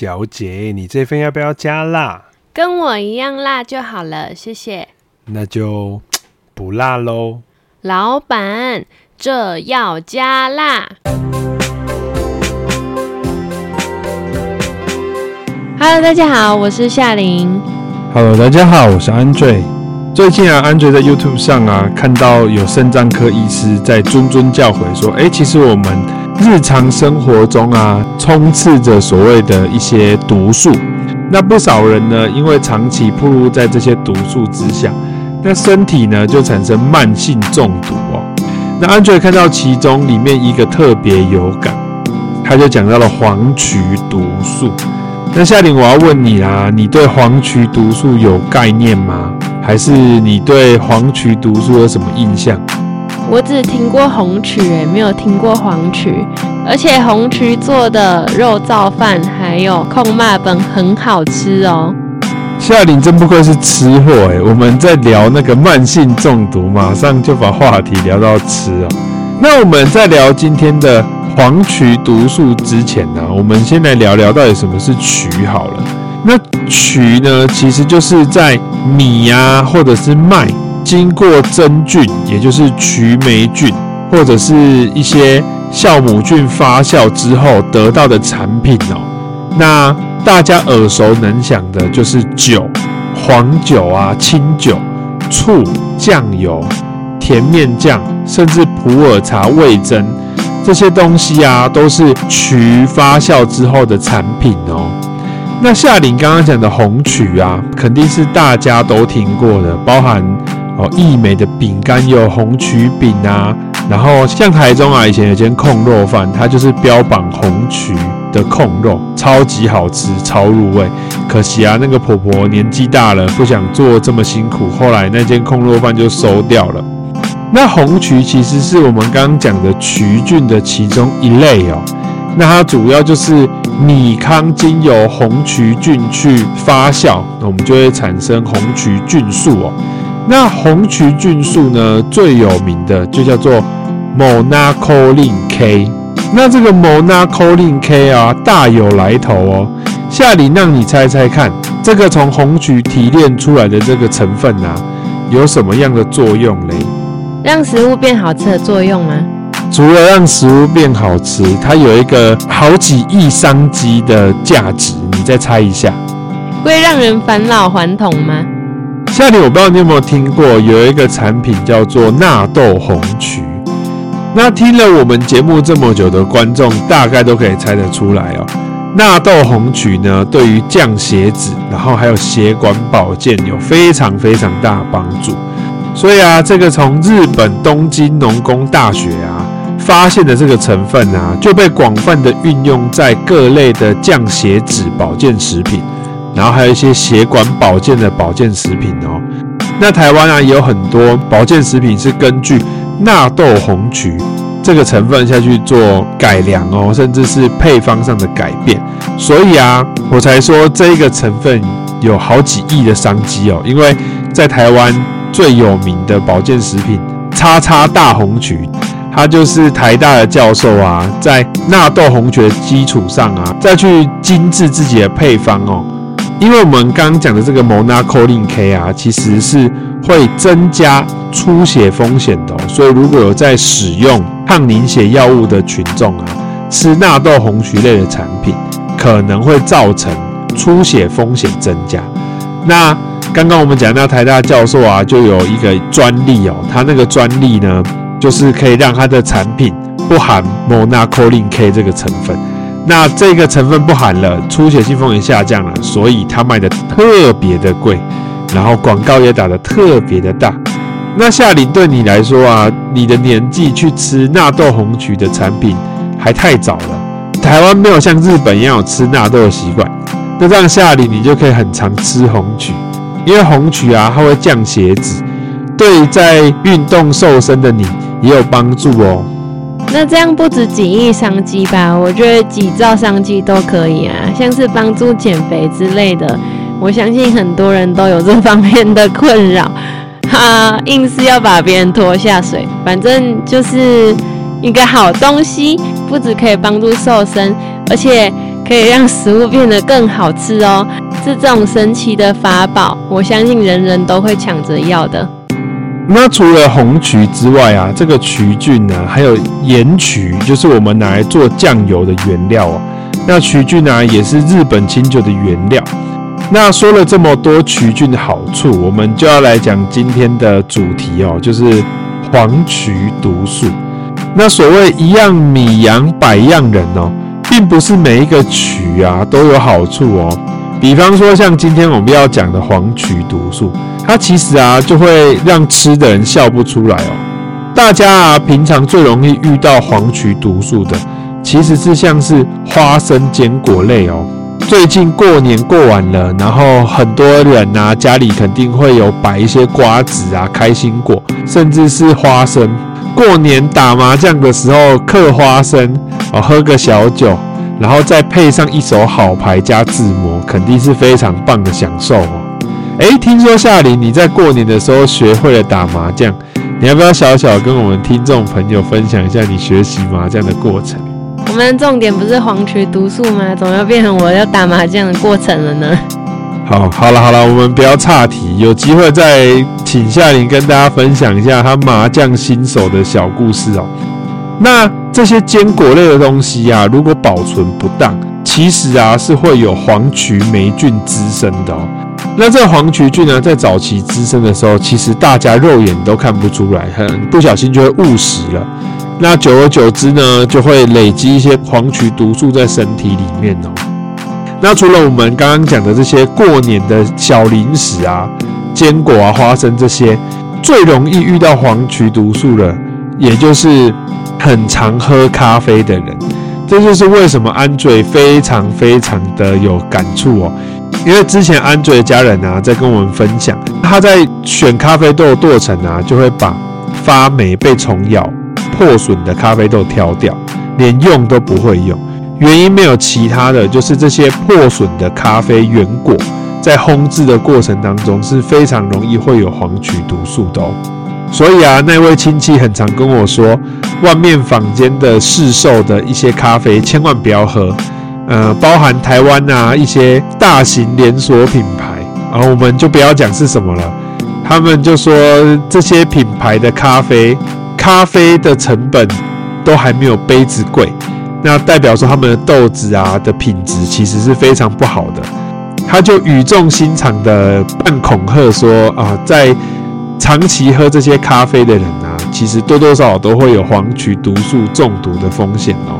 小姐，你這份要不要加辣？跟我一樣辣就好了，謝謝。那就不辣嘍。老板，這要加辣。Hello，大家好，我是夏琳。Hello，大家好，我是 Andre。最近啊，Andre 在 YouTube 上啊，看到有腎臟科醫師在諄諄教誨說：哎，其實我們，日常生活中啊，充斥着所謂的一些毒素，那不少人呢，因為長期暴露在這些毒素之下，那身體呢，就產生慢性中毒哦。那 Andre 看到其中裡面一個特別有感，他就講到了黃麴毒素。那夏琳，我要問你啦、啊，你對黃麴毒素有概念嗎？還是你對黃麴毒素有什麼印象？我只聽過紅麴，哎，沒有聽過黃麴，而且紅麴做的肉燥飯還有控麥粉很好吃哦。夏琳真不愧是吃貨，哎，我們在聊那個慢性中毒，馬上就把話題聊到吃哦。那我們在聊今天的黃麴毒素之前呢，我們先來聊聊到底什麼是麴好了。那麴呢，其實就是在米呀、啊，或者是麥。經過真菌，也就是麴霉菌或者是一些酵母菌發酵之後得到的產品哦。那大家耳熟能詳的就是酒、黃酒啊、清酒、醋、醬油、甜麵醬，甚至普洱茶味噌這些東西啊，都是麴發酵之後的產品哦。那夏琳剛剛講的紅麴啊，肯定是大家都聽過的，包含。哦，義美的餅乾有紅麴餅啊，然後像台中啊，以前有間控肉飯，它就是標榜紅麴的控肉，超級好吃，超入味。可惜啊，那個婆婆年紀大了，不想做這麼辛苦，後來那間控肉飯就收掉了。那紅麴其實是我們剛剛講的麴菌的其中一類哦。那它主要就是米糠經由紅麴菌去發酵，那我們就會產生紅麴菌素哦。那紅麴菌素呢？最有名的就叫做 Monacolin K。那這個 Monacolin K 啊，大有來頭哦。夏琳，讓你猜猜看，這個從紅麴提煉出來的這個成分啊，有什麼樣的作用呢？讓食物變好吃的作用嗎？除了讓食物變好吃，它有一個好幾億商機的價值。你再猜一下，會讓人返老還童嗎？那裡我不知道你有沒有聽過，有一個產品叫做納豆紅麴。那聽了我們節目這麼久的觀眾，大概都可以猜得出來哦。納豆紅麴呢，對於降血脂，然後還有血管保健，有非常非常大的幫助。所以啊，這個從日本東京農工大學啊發現的這個成分啊，就被廣泛的運用在各類的降血脂保健食品。然後還有一些血管保健的保健食品哦。那台灣啊，也有很多保健食品是根據納豆紅麴這個成分下去做改良哦，甚至是配方上的改變。所以啊，我才說這一個成分有好幾億的商機哦。因為在台灣最有名的保健食品叉叉大紅麴，它就是台大的教授啊，在納豆紅麴的基礎上啊，再去精製自己的配方哦。因為我們剛剛講的這個 m o n a l i n K 啊，其實是會增加出血風險的，哦，所以如果有在使用抗凝血藥物的群眾啊，吃納豆紅麴類的產品可能會造成出血風險增加。那剛剛我們講到台大教授啊，就有一個專利哦，他那個專利呢，就是可以讓他的產品不含 m o n a l i n K 這個成分。那這個成分不含了，出血性風險下降了，所以它賣得特別的貴，然後廣告也打的特別的大。那夏琳對你來說啊，你的年紀去吃納豆紅曲的產品還太早了。台灣沒有像日本一樣有吃納豆的習慣，那這樣夏琳你就可以很常吃紅曲，因為紅曲啊，它會降血脂，對在運動瘦身的你也有幫助哦。那這樣不止幾億商機吧？我覺得幾兆商機都可以啊，像是幫助減肥之類的，我相信很多人都有這方面的困擾。哈、啊，硬是要把別人拖下水，反正就是一個好東西，不止可以幫助瘦身，而且可以讓食物變得更好吃哦。是這種神奇的法寶，我相信人人都會搶着要的。那除了紅麴之外啊，這個麴菌呢、啊，還有鹽麴，就是我們拿來做醬油的原料哦。那麴菌呢、啊，也是日本清酒的原料。那說了這麼多麴菌的好處，我們就要來講今天的主題哦，就是黃麴毒素。那所謂“一樣米養百樣人”哦，並不是每一個麴啊都有好處哦。比方說，像今天我們要講的黃麴毒素。它其實啊，就會讓吃的人笑不出來哦。大家啊，平常最容易遇到黃麴毒素的，其實是像是花生、堅果類哦。最近過年過完了，然後很多人啊，家裡肯定會有擺一些瓜子啊、開心果，甚至是花生。過年打麻將的時候嗑花生，哦，喝個小酒，然後再配上一手好牌加自摸，肯定是非常棒的享受、哦。哎，聽說夏琳你在過年的時候學會了打麻將，你要不要小小跟我們聽眾朋友分享一下你學習麻將的過程？我們重點不是黃曲毒素嗎？怎麼又變成我要打麻將的過程了呢？好，好了，好了，我們不要岔題，有機會再請夏琳跟大家分享一下他麻將新手的小故事哦。那這些堅果類的東西啊，如果保存不當，其實啊是會有黃曲霉菌滋生的哦。那這個黃麴菌呢、啊，在早期滋生的時候，其實大家肉眼都看不出來，很不小心就會誤食了。那久而久之呢，就會累積一些黃麴毒素在身體裡面哦。那除了我們剛剛講的這些過年的小零食啊、堅果啊、花生這些，最容易遇到黃麴毒素的，也就是很常喝咖啡的人。這就是為什麼 Andre 非常非常的有感觸哦，因為之前 Andre 的家人啊，在跟我們分享，他在選咖啡豆的過程啊，就會把發霉、被蟲咬、破損的咖啡豆挑掉，連用都不會用。原因沒有其他的，就是這些破損的咖啡原果，在烘焙的過程當中是非常容易會有黃麴毒素的哦。所以啊，那位親戚很常跟我說，外面坊間的市售的一些咖啡，千萬不要喝。呃，包含台灣啊一些大型連鎖品牌啊，我們就不要講是什麼了。他們就說這些品牌的咖啡，咖啡的成本都還沒有杯子貴，那代表說他們的豆子啊的品質其實是非常不好的。他就語重心長的半恐嚇說啊，在。長期喝這些咖啡的人啊，其實多多少少都會有黃曲毒素中毒的風險哦。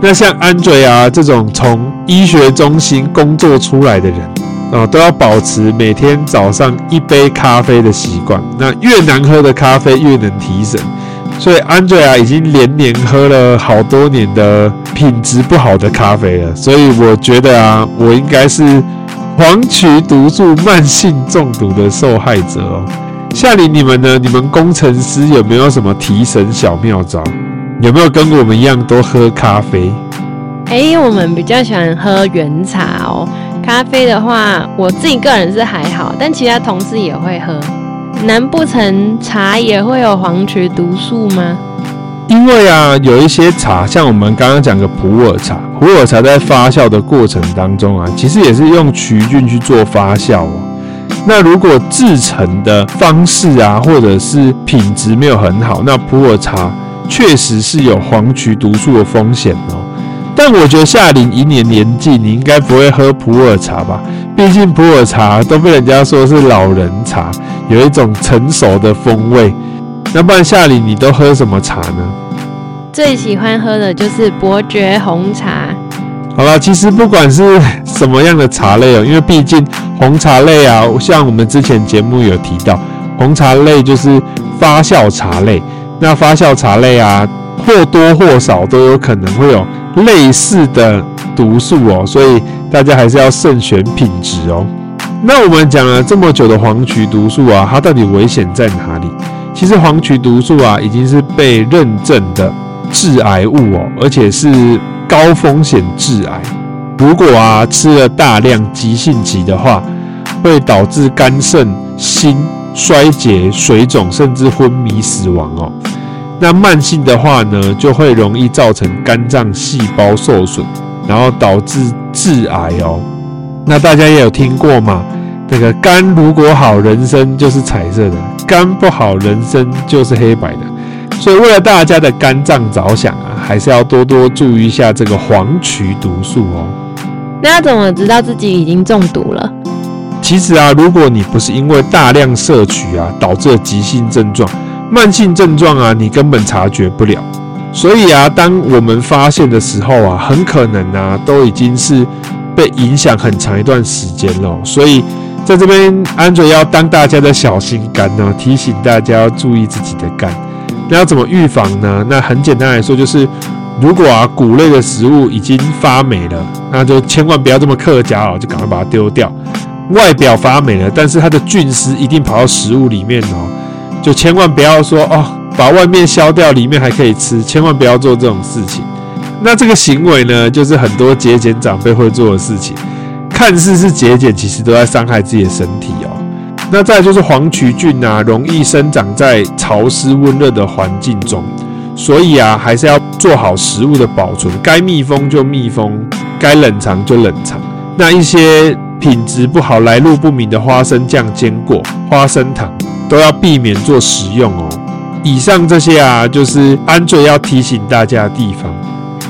那像 Andre 啊這種從醫學中心工作出來的人啊，哦，都要保持每天早上一杯咖啡的習慣。那越難喝的咖啡越能提神，所以 Andre 啊已經連連喝了好多年的品質不好的咖啡了。所以我覺得啊，我應該是黃曲毒素慢性中毒的受害者哦。夏琳，你們呢？你們工程師有沒有什麼提神小妙招？有沒有跟我們一樣都喝咖啡？哎，我們比較喜歡喝原茶哦。咖啡的話，我自己個人是還好，但其他同事也會喝。難不成茶也會有黃曲毒素嗎？因為啊，有一些茶，像我們剛剛講的普洱茶，普洱茶在發酵的過程當中啊，其實也是用曲菌去做發酵哦、啊。那如果製成的方式啊，或者是品質沒有很好，那普洱茶確實是有黃麴毒素的風險哦。但我覺得夏琳一年年紀，你應該不會喝普洱茶吧？畢竟普洱茶都被人家說是老人茶，有一種成熟的風味。那不然夏琳你都喝什麼茶呢？最喜歡喝的就是伯爵紅茶。好了，其實不管是什麼樣的茶類哦，因為畢竟紅茶類啊，像我們之前節目有提到，紅茶類就是發酵茶類，那發酵茶類啊，或多或少都有可能會有類似的毒素哦，所以大家還是要慎選品質哦。那我們講了這麼久的黃麴毒素啊，它到底危險在哪裡？其實黃麴毒素啊，已經是被認證的致癌物哦，而且是。高風險致癌，如果啊吃了大量急性期的話，會導致肝腎心衰竭、水腫，甚至昏迷死亡哦。那慢性的話呢，就會容易造成肝臟細胞受損，然後導致致癌哦。那大家也有聽過嗎？這個肝如果好，人生就是彩色的；肝不好，人生就是黑白的。所以為了大家的肝臟着想。還是要多多注意一下這個黃麴毒素哦。那要怎麼知道自己已經中毒了？其實啊，如果你不是因為大量攝取啊，導致急性症狀，慢性症狀啊，你根本察覺不了。所以啊，當我們發現的時候啊，很可能啊，都已經是被影響很長一段時間了。所以在這邊，Andre 要當大家的小心肝呢、啊，提醒大家要注意自己的肝。那要怎麼預防呢？那很簡單來說，就是如果啊穀類的食物已經發霉了，那就千萬不要這麼客家哦，就趕快把它丟掉。外表發霉了，但是它的菌絲一定跑到食物裡面哦，就千萬不要說哦，把外面削掉，裡面還可以吃，千萬不要做這種事情。那這個行為呢，就是很多節儉長輩會做的事情，看似是節儉，其實都在傷害自己的身體哦。那再就是黃麴菌啊，容易生長在潮濕溫熱的環境中，所以啊，還是要做好食物的保存，該密封就密封，該冷藏就冷藏。那一些品質不好、來路不明的花生醬、堅果、花生糖，都要避免做食用哦。以上這些啊，就是 Andre 要提醒大家的地方。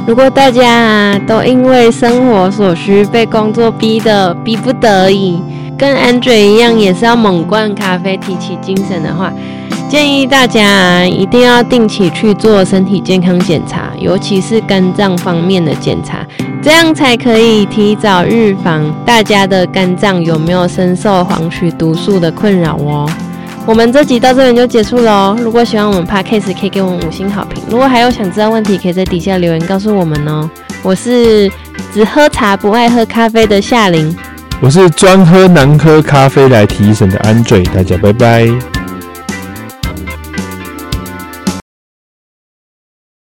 如果大家啊，都因為生活所需，被工作逼得，逼不得已。跟 Andre 一樣，也是要猛灌咖啡提起精神的話，建議大家一定要定期去做身體健康檢查，尤其是肝臟方面的檢查，這樣才可以提早預防大家的肝臟有沒有深受黃曲毒素的困擾哦。我們這集到這邊就結束了哦。如果喜歡我們 Podcast 可以給我們五星好評。如果還有想知道問題，可以在底下留言告訴我們哦。我是只喝茶不愛喝咖啡的夏琳。我是專喝難喝咖啡來提神的 Andre，大家拜拜。